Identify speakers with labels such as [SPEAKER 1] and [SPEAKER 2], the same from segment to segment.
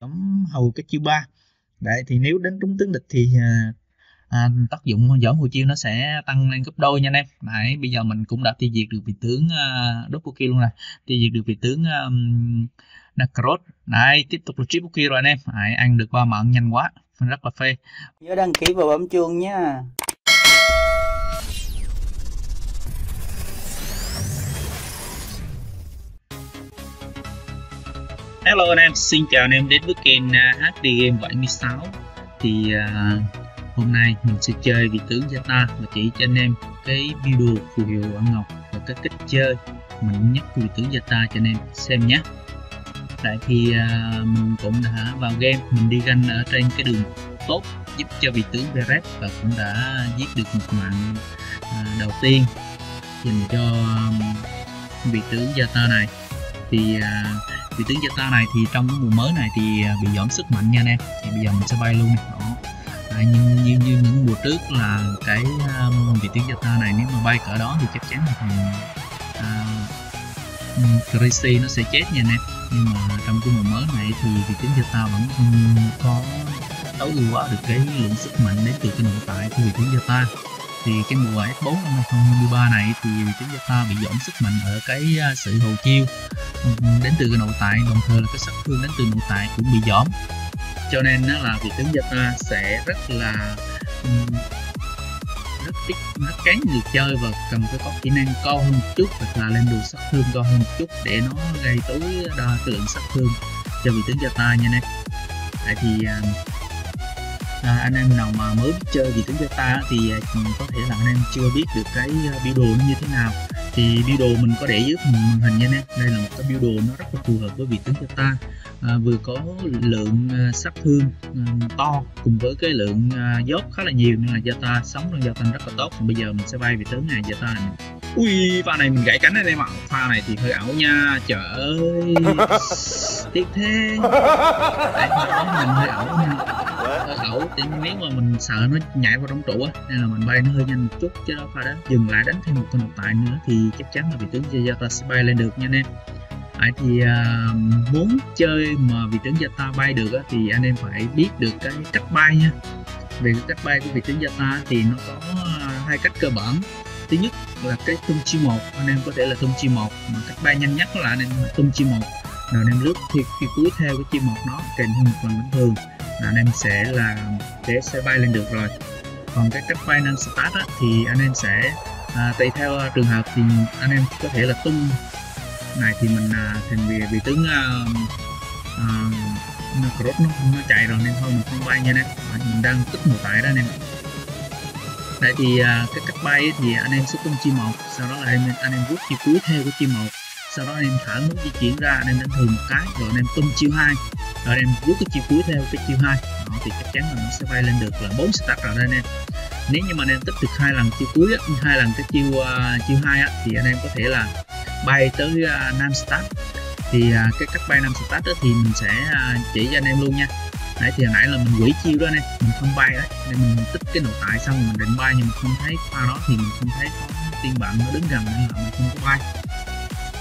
[SPEAKER 1] tổng hầu cái chiêu ba đấy thì nếu đến trúng tướng địch thì à, à, tác dụng giỡn hồi chiêu nó sẽ tăng lên gấp đôi nha anh em đấy bây giờ mình cũng đã tiêu diệt được vị tướng uh, à, Dopuki luôn rồi tiêu diệt được vị tướng um, à, Nacros đấy tiếp tục là Chibuki rồi anh em đấy, ăn được ba mạng nhanh quá rất là phê nhớ đăng ký và bấm chuông nha Hello anh em, xin chào anh em đến với kênh à, HD Game 76 Thì uh, hôm nay mình sẽ chơi vị tướng Zeta và chỉ cho anh em cái video phù hiệu ăn ngọc và cái cách chơi mình nhất của vị tướng Zeta cho anh em xem nhé Tại thì uh, à, mình cũng đã vào game, mình đi ganh ở trên cái đường tốt giúp cho vị tướng Beret và cũng đã giết được một mạng uh, đầu tiên dành cho um, vị tướng Zeta này thì uh, thì tướng Zeta này thì trong cái mùa mới này thì à, bị giảm sức mạnh nha anh em thì bây giờ mình sẽ bay luôn này đó à, nhưng như, như những mùa trước là cái um, vị tướng Zeta này nếu mà bay cỡ đó thì chắc chắn là thằng uh, à, Tracy nó sẽ chết nha anh em nhưng mà trong cái mùa mới này thì vị tướng Zeta vẫn không có tối ưu quá được cái lượng sức mạnh đến từ cái nội tại của vị tướng Zeta thì cái mùa F4 năm 2023 này thì vị tướng Zeta bị giảm sức mạnh ở cái sự hồ chiêu đến từ cái nội tại đồng thời là cái sát thương đến từ nội tại cũng bị giảm cho nên nó là việc đánh Dota sẽ rất là rất ít nó kén người chơi và cần phải có kỹ năng cao hơn một chút hoặc là lên đường sát thương cao hơn một chút để nó gây tối đa cái lượng sát thương cho vị tướng Dota nha anh em tại thì à, à, anh em nào mà mới chơi vị tướng Dota thì à, có thể là anh em chưa biết được cái à, biểu đồ nó như thế nào thì biểu đồ mình có để dưới màn hình nha em đây là một cái biểu đồ nó rất là phù hợp với vị tướng của ta à, vừa có lượng à, sắp thương à, to cùng với cái lượng à, dốt khá là nhiều nên là gia ta sống trong giao tranh rất là tốt Còn bây giờ mình sẽ bay vị tướng này gia ta này ui pha này mình gãy cánh đây mà pha này thì hơi ảo nha trời ơi tiếc thế Đấy, mình hơi ảo nha nó lẩu thì nếu mà mình sợ nó nhảy vào trong trụ á nên là mình bay nó hơi nhanh một chút cho đó pha đó dừng lại đánh thêm một con độc tài nữa thì chắc chắn là vị tướng gia ta sẽ bay lên được nha anh em À, thì uh, muốn chơi mà vị tướng gia ta bay được á, thì anh em phải biết được cái cách bay nha về cái cách bay của vị tướng gia ta thì nó có à, hai cách cơ bản thứ nhất là cái tung chi một anh em có thể là tung chi một mà cách bay nhanh nhất là anh em tung chi một rồi anh em lướt thì cái cuối theo cái chi một nó kèm thêm một lần bình thường anh em sẽ là để xe bay lên được rồi còn cái cách bay lên start á, thì anh em sẽ à, tùy theo trường hợp thì anh em có thể là tung này thì mình à, thì vì vì tướng à, à, nó crop nó, nó chạy rồi nên thôi mình không bay nha anh em mình đang tích một tại đó anh em tại thì à, cái cách bay ấy, thì anh em sẽ tung chi một sau đó là anh em anh em vuốt chi cuối theo của chi một sau đó anh em thả nút di chuyển ra anh em đánh thường một cái rồi anh em tung chiêu hai rồi em rút cái chiều cuối theo cái chiều hai thì chắc chắn là nó sẽ bay lên được là bốn start rồi đây anh em nếu như mà anh em tích được hai lần chiều cuối hai lần cái chiều uh, à, chiều hai thì anh em có thể là bay tới à, năm nam start thì à, cái cách bay năm start thì mình sẽ chỉ cho anh em luôn nha đấy thì hồi nãy là mình quỷ chiêu đó anh em mình không bay đấy nên mình tích cái nội tại xong mình định bay nhưng mà không thấy qua đó thì mình không thấy có tiên bạn nó đứng gần nên là mình không có bay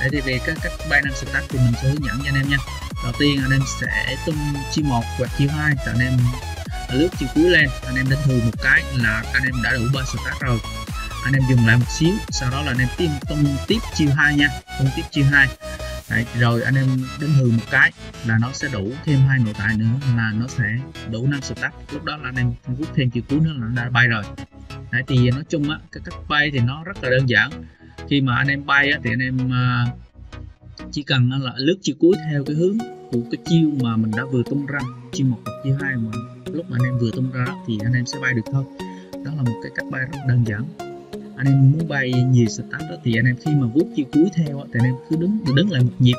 [SPEAKER 1] đấy thì về cái cách bay năm start thì mình sẽ hướng dẫn cho anh em nha đầu tiên anh em sẽ tung chi một hoặc chiêu hai anh em lướt chiêu cuối lên anh em đánh thường một cái là anh em đã đủ ba start rồi anh em dừng lại một xíu sau đó là anh em tiếp tung tiếp chiêu hai nha tung tiếp chiêu hai Đấy, rồi anh em đánh hừ một cái là nó sẽ đủ thêm hai nội tài nữa là nó sẽ đủ năm stack lúc đó là anh em rút thêm chiều cuối nữa là nó đã bay rồi Đấy, thì nói chung á cái cách bay thì nó rất là đơn giản khi mà anh em bay á, thì anh em uh, chỉ cần là lướt chiều cuối theo cái hướng của cái chiêu mà mình đã vừa tung ra chiêu một hoặc chiêu hai mà lúc mà anh em vừa tung ra thì anh em sẽ bay được thôi đó là một cái cách bay rất đơn giản anh em muốn bay nhiều start đó thì anh em khi mà vuốt chiêu cuối theo thì anh em cứ đứng đứng lại một nhịp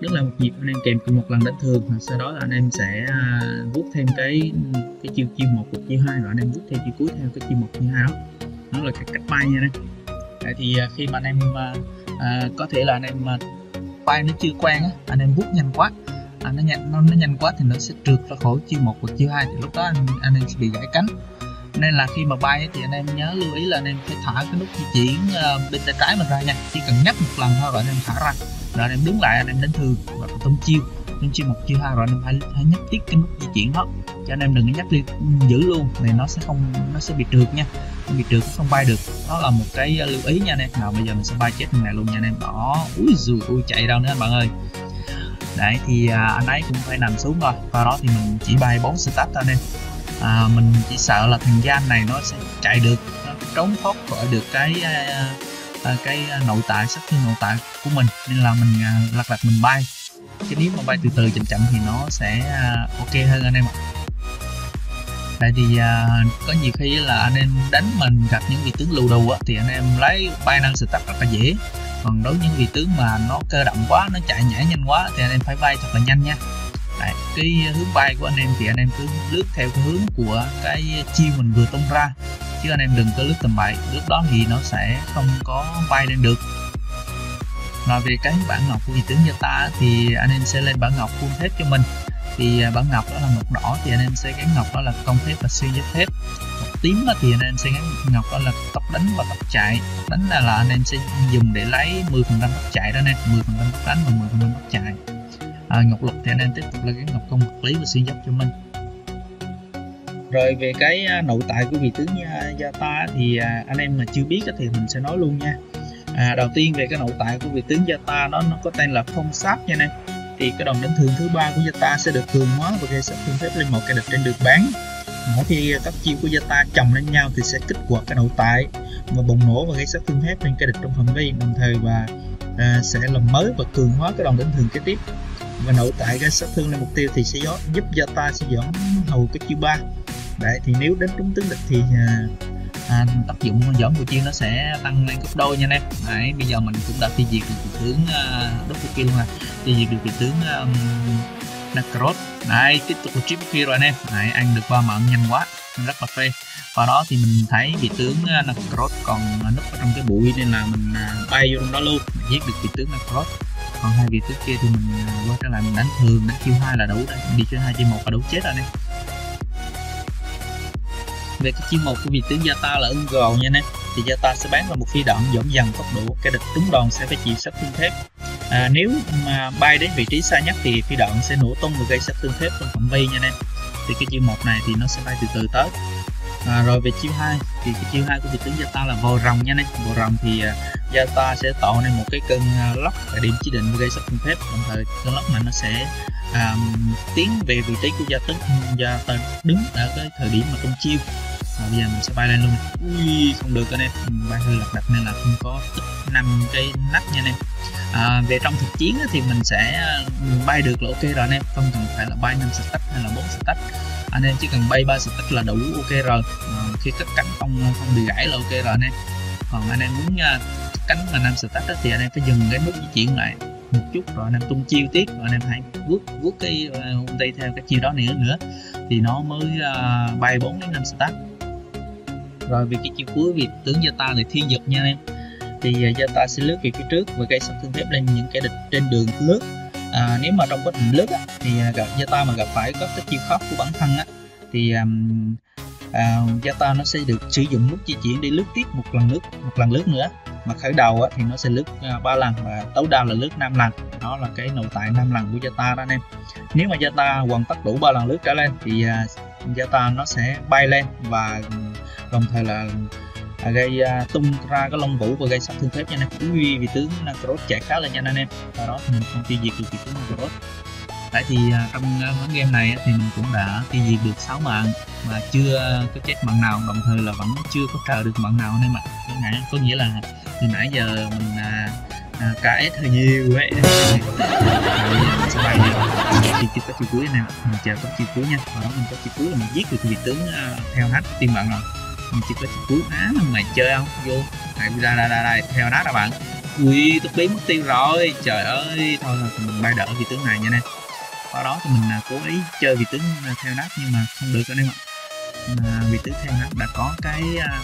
[SPEAKER 1] đứng lại một nhịp anh em kèm một lần đánh thường sau đó là anh em sẽ à, vuốt thêm cái cái chiêu chiêu một hoặc chiêu hai rồi anh em vuốt theo chiêu cuối theo cái chiêu một chiêu hai đó đó là cái cách bay nha anh em thì à, khi mà anh em à, à, có thể là anh em file nó chưa quen á anh em bút nhanh quá à, nó nhanh nó, nó nhanh quá thì nó sẽ trượt ra khỏi chiêu một và chiêu hai thì lúc đó anh, anh em sẽ bị gãy cánh nên là khi mà bay thì anh em nhớ lưu ý là anh em phải thả cái nút di chuyển uh, bên tay trái mình ra nha chỉ cần nhấp một lần thôi rồi anh em thả ra rồi anh em đứng lại anh em đánh thường và tung chiêu nhưng chuyên một chưa hai rồi nên phải phải nhắc tiếp cái nút di chuyển đó cho anh em đừng nhắc liên giữ luôn này nó sẽ không nó sẽ bị trượt nha bị trượt không bay được đó là một cái ờ, lưu ý nha anh em nào bây giờ mình sẽ bay chết thằng này luôn nha anh em đó ui dù ui chạy đâu nữa anh bạn ơi đấy thì à, anh ấy cũng phải nằm xuống rồi và đó thì mình chỉ bay bốn start thôi anh em à, mình chỉ sợ là thằng gian này nó sẽ chạy được nó trốn thoát khỏi được cái à, à cái à, nội tại sát thương nội tại của mình nên là mình à, lật lật mình bay chứ nếu mà bay từ từ chậm chậm thì nó sẽ à, ok hơn anh em ạ tại vì à, có nhiều khi là anh em đánh mình gặp những vị tướng lưu đầu á, thì anh em lấy bay năng sự tắt rất là dễ còn đối với những vị tướng mà nó cơ động quá nó chạy nhảy nhanh quá thì anh em phải bay thật là nhanh nha Đấy, cái hướng bay của anh em thì anh em cứ lướt theo cái hướng của cái chiêu mình vừa tung ra chứ anh em đừng có lướt tầm bậy lúc đó thì nó sẽ không có bay lên được nói về cái bản ngọc của ý tưởng cho ta thì anh em sẽ lên bản ngọc full thép cho mình thì à, bản ngọc đó là ngọc đỏ thì anh em sẽ gắn ngọc đó là công thép và xuyên giáp thép ngọc tím đó thì anh em sẽ gắn ngọc đó là tóc đánh và tóc chạy tóc đánh là, là anh em sẽ dùng để lấy 10 phần trăm tóc chạy đó nè 10 phần trăm tóc đánh và 10 phần trăm tóc chạy à, ngọc lục thì anh em tiếp tục là gắn ngọc công vật lý và xuyên giáp cho mình rồi về cái à, nội tại của vị tướng gia ta thì à, anh em mà chưa biết thì mình sẽ nói luôn nha à, đầu tiên về cái nội tại của vị tướng Zata nó nó có tên là phong sát nha anh thì cái đòn đánh thường thứ ba của Zata sẽ được cường hóa và gây sát thương phép lên một cái địch trên được bán mỗi khi các chiêu của Zata chồng lên nhau thì sẽ kích hoạt cái nội tại và bùng nổ và gây sát thương phép lên cái địch trong phạm vi đồng thời và à, sẽ làm mới và cường hóa cái đòn đánh thường kế tiếp và nội tại gây sát thương lên mục tiêu thì sẽ giúp Zata sẽ dẫn hầu cái chiêu ba đấy thì nếu đến trúng tướng địch thì à, à, tác dụng giỏm của chiên nó sẽ tăng lên gấp đôi nha anh em đấy bây giờ mình cũng đã tiêu diệt được vị tướng uh, đốt kia luôn à tiêu diệt được vị tướng um, à, Nakrot đấy tiếp tục chip kia rồi anh em đấy, ăn được ba mận nhanh quá rất là phê và đó thì mình thấy vị tướng à, Nakrot còn núp ở trong cái bụi nên là mình à, bay vô trong đó luôn mình giết được vị tướng Nakrot còn hai vị tướng kia thì mình qua trở lại mình đánh thường đánh chiêu hai là đủ đấy đi chơi hai chiêu một là đủ chết rồi anh em về cái chiêu mục của vị tướng gia ta là ưng gầu nha anh em thì gia ta sẽ bán là một phi đoạn dỗng dần tốc độ cái địch trúng đòn sẽ phải chịu sát thương thép à, nếu mà bay đến vị trí xa nhất thì phi đoạn sẽ nổ tung và gây sát thương thép trong phạm vi nha anh em thì cái chiêu một này thì nó sẽ bay từ từ tới à, rồi về chiêu 2 thì cái chiêu 2 của vị tướng gia ta là vò rồng nha anh em vò rồng thì à, cho ta sẽ tạo nên một cái cơn à, lốc tại điểm chỉ định gây sắp không phép đồng thời cơn lốc này nó sẽ um, tiến về vị trí của gia tấn gia ta đứng ở cái thời điểm mà công chiêu và bây giờ mình sẽ bay lên luôn ui không được anh em bay hơi lật đặt nên là không có năm cái nắp nha anh em à, về trong thực chiến thì mình sẽ à, bay được là ok rồi anh em không cần phải là bay năm stack hay là bốn stack anh em chỉ cần bay ba stack là đủ ok rồi à, khi cất cánh không không bị gãy là ok rồi anh em còn anh em muốn cánh mà nam start thì anh em phải dừng cái nút di chuyển lại một chút rồi anh em tung chiêu tiếp rồi anh em hãy vuốt vuốt cái uh, tay theo cái chiêu đó nữa nữa thì nó mới uh, bay 4 đến 5 start rồi vì cái chiêu cuối vì tướng gia ta là thiên dực nha anh em thì uh, ta sẽ lướt về phía trước và gây sát thương thép lên những kẻ địch trên đường lướt à, nếu mà trong quá trình lướt á, thì gặp gia ta mà gặp phải các cái chiêu khóc của bản thân á, thì um, uh, Zata nó sẽ được sử dụng nút di chuyển để lướt tiếp một lần nước một lần lướt nữa mà khởi đầu thì nó sẽ lướt à, ba lần và tối đa là lướt năm lần đó là cái nội tại năm lần của Jata đó anh em nếu mà Jata hoàn tất đủ ba lần lướt trở lên thì à, Jata nó sẽ bay lên và ừ, đồng thời là à, gây tung ra cái lông vũ và gây sát thương phép cho anh em cũng duy vì tướng Cross chạy khá là nhanh anh em và đó thì mình không tiêu diệt được vị tướng Cross tại thì trong ván game này thì mình cũng đã tiêu diệt được 6 mạng mà chưa có chết mạng nào đồng thời là vẫn chưa có trợ được mạng nào anh em ạ có nghĩa là thì nãy giờ mình à, à, cãi hơi nhiều ấy sau bài này thì chiếc có chiều cuối nào mình chờ có chiều cuối nha và đó mình có chiều cuối là mình giết được vị tướng uh, à, theo hát tiên bạn rồi mình chỉ có chiều cuối á à, mày chơi không vô này ra ra ra đây theo đó là bạn ui tôi biến mất tiêu rồi trời ơi thôi là mình bay đỡ vị tướng này nha nè sau đó thì mình à, cố ý chơi vị tướng theo à, nát nhưng mà không được anh em ạ mà vị tướng theo nát đã có cái uh, à,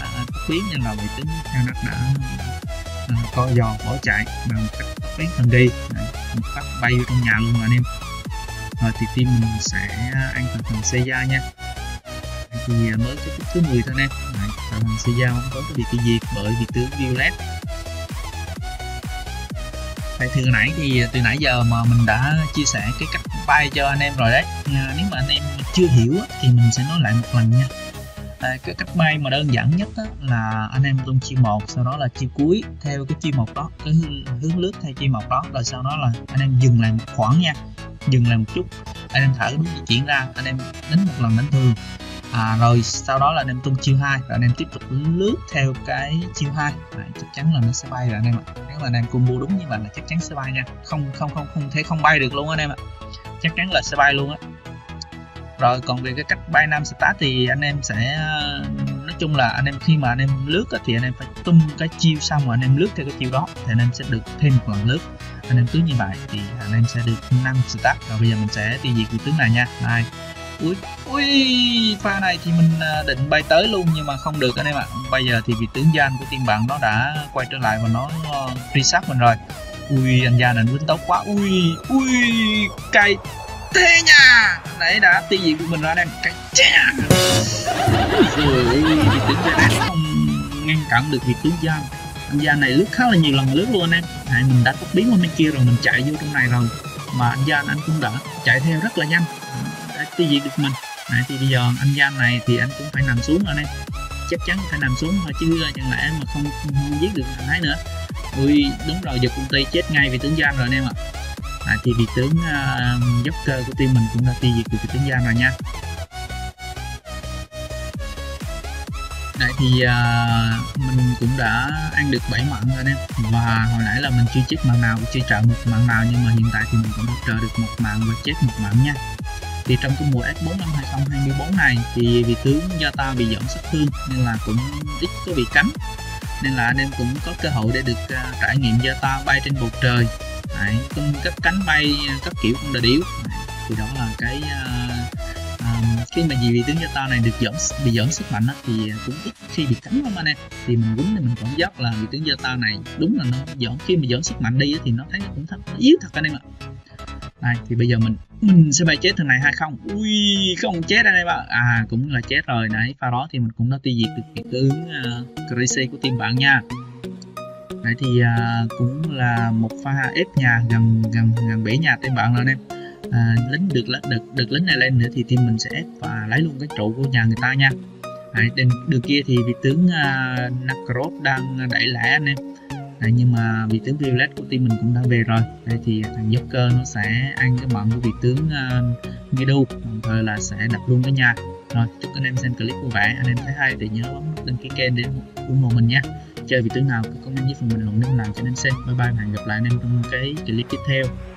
[SPEAKER 1] biến nên là vị tướng theo nát đã co ừ, giò bỏ chạy bằng cách tốc hành đi Đấy, một phát bay vô trong nhà luôn mà anh em rồi thì team mình sẽ ăn thằng thằng Seiya nha thì à, mới kết thúc thứ 10 thôi nè thằng thằng Seiya không có cái việc gì bởi vì tướng Violet Vậy thì nãy thì à, từ nãy giờ mà mình đã chia sẻ cái cách bay cho anh em rồi đấy à, nếu mà anh em chưa hiểu thì mình sẽ nói lại một lần nha cái cách bay mà đơn giản nhất á, là anh em tung chi một sau đó là chi cuối theo cái chi một đó cái hướng, hướng lướt theo chi một đó rồi sau đó là anh em dừng lại một khoảng nha dừng lại một chút anh em thở cái bước di chuyển ra anh em đánh một lần đánh thường à, rồi sau đó là anh em tung chiêu hai rồi anh em tiếp tục lướt theo cái chiêu hai à, chắc chắn là nó sẽ bay rồi anh em ạ nếu mà anh em combo đúng như vậy là chắc chắn sẽ bay nha không không không không thể không bay được luôn anh em ạ chắc chắn là sẽ bay luôn á rồi còn về cái cách Binance Start thì anh em sẽ nói chung là anh em khi mà anh em lướt thì anh em phải tung cái chiêu xong rồi anh em lướt theo cái chiêu đó thì anh em sẽ được thêm một lần lướt anh em cứ như vậy thì anh em sẽ được năm start rồi bây giờ mình sẽ tiêu diệt vị tướng này nha này ui ui pha này thì mình à, định bay tới luôn nhưng mà không được anh em ạ bây giờ thì vị tướng gian của team bạn nó đã quay trở lại và nó à, reset mình rồi ui anh gian này đánh tốc quá ui ui cay thế nha đấy đã tiêu diệt của mình ra đang cái chà rồi thì tướng gia đã không ngăn cản được việc tướng gia anh gia này lướt khá là nhiều lần lướt luôn em à, mình đã có biến qua bên kia rồi mình chạy vô trong này rồi mà anh gia anh cũng đã chạy theo rất là nhanh đã tiêu diệt được mình à, thì bây giờ anh gia này thì anh cũng phải nằm xuống rồi anh em chắc chắn phải nằm xuống thôi chứ à, chẳng lẽ mà không, không giết được thằng thái nữa ui đúng rồi giờ công ty chết ngay vì tướng gia rồi anh em ạ à à, thì vị tướng à, dốc cơ của team mình cũng đã tiêu diệt được vị tướng giang rồi nha Đấy thì à, mình cũng đã ăn được 7 mạng rồi nè và hồi nãy là mình chưa chết mạng nào chưa trợ một mạng nào nhưng mà hiện tại thì mình cũng đã trợ được một mạng và chết một mạng nha thì trong cái mùa S4 năm 2024 này thì vị tướng do ta bị giảm sát thương nên là cũng ít có bị cánh nên là anh em cũng có cơ hội để được uh, trải nghiệm do ta bay trên bầu trời Đấy, tung các cánh bay các kiểu cũng đã điếu thì đó là cái uh, um, khi mà gì vì tướng ta này được dẫn bị dẫn sức mạnh á, thì cũng ít khi bị cắn lắm anh em thì mình quýnh thì mình cảm giác là vị tướng ta này đúng là nó dẫn khi mà dẫn sức mạnh đi á, thì nó thấy nó cũng thật nó yếu thật anh em ạ này thì bây giờ mình mình sẽ bài chết thằng này hay không ui không chết anh em ạ à cũng là chết rồi nãy pha đó thì mình cũng đã tiêu diệt được cái ứng uh, à, crazy của team bạn nha đấy thì uh, cũng là một pha ép nhà gần gần gần bể nhà tên bạn lên em à, lính được được được lính này lên nữa thì team mình sẽ ép và lấy luôn cái trụ của nhà người ta nha đấy, đường kia thì vị tướng uh, à, Nakrot đang đẩy lẻ anh em đấy, nhưng mà vị tướng Violet của team mình cũng đã về rồi đây thì thằng Joker nó sẽ ăn cái mận của vị tướng uh, à, Medu đồng thời là sẽ đập luôn cái nhà rồi chúc anh em xem clip vui vẻ anh em thấy hay thì nhớ bấm đăng ký kênh để ủng hộ mình nha chơi vị tướng nào cứ comment với phần bình luận nếu làm cho nên xem bye bye và hẹn gặp lại anh em trong cái clip tiếp theo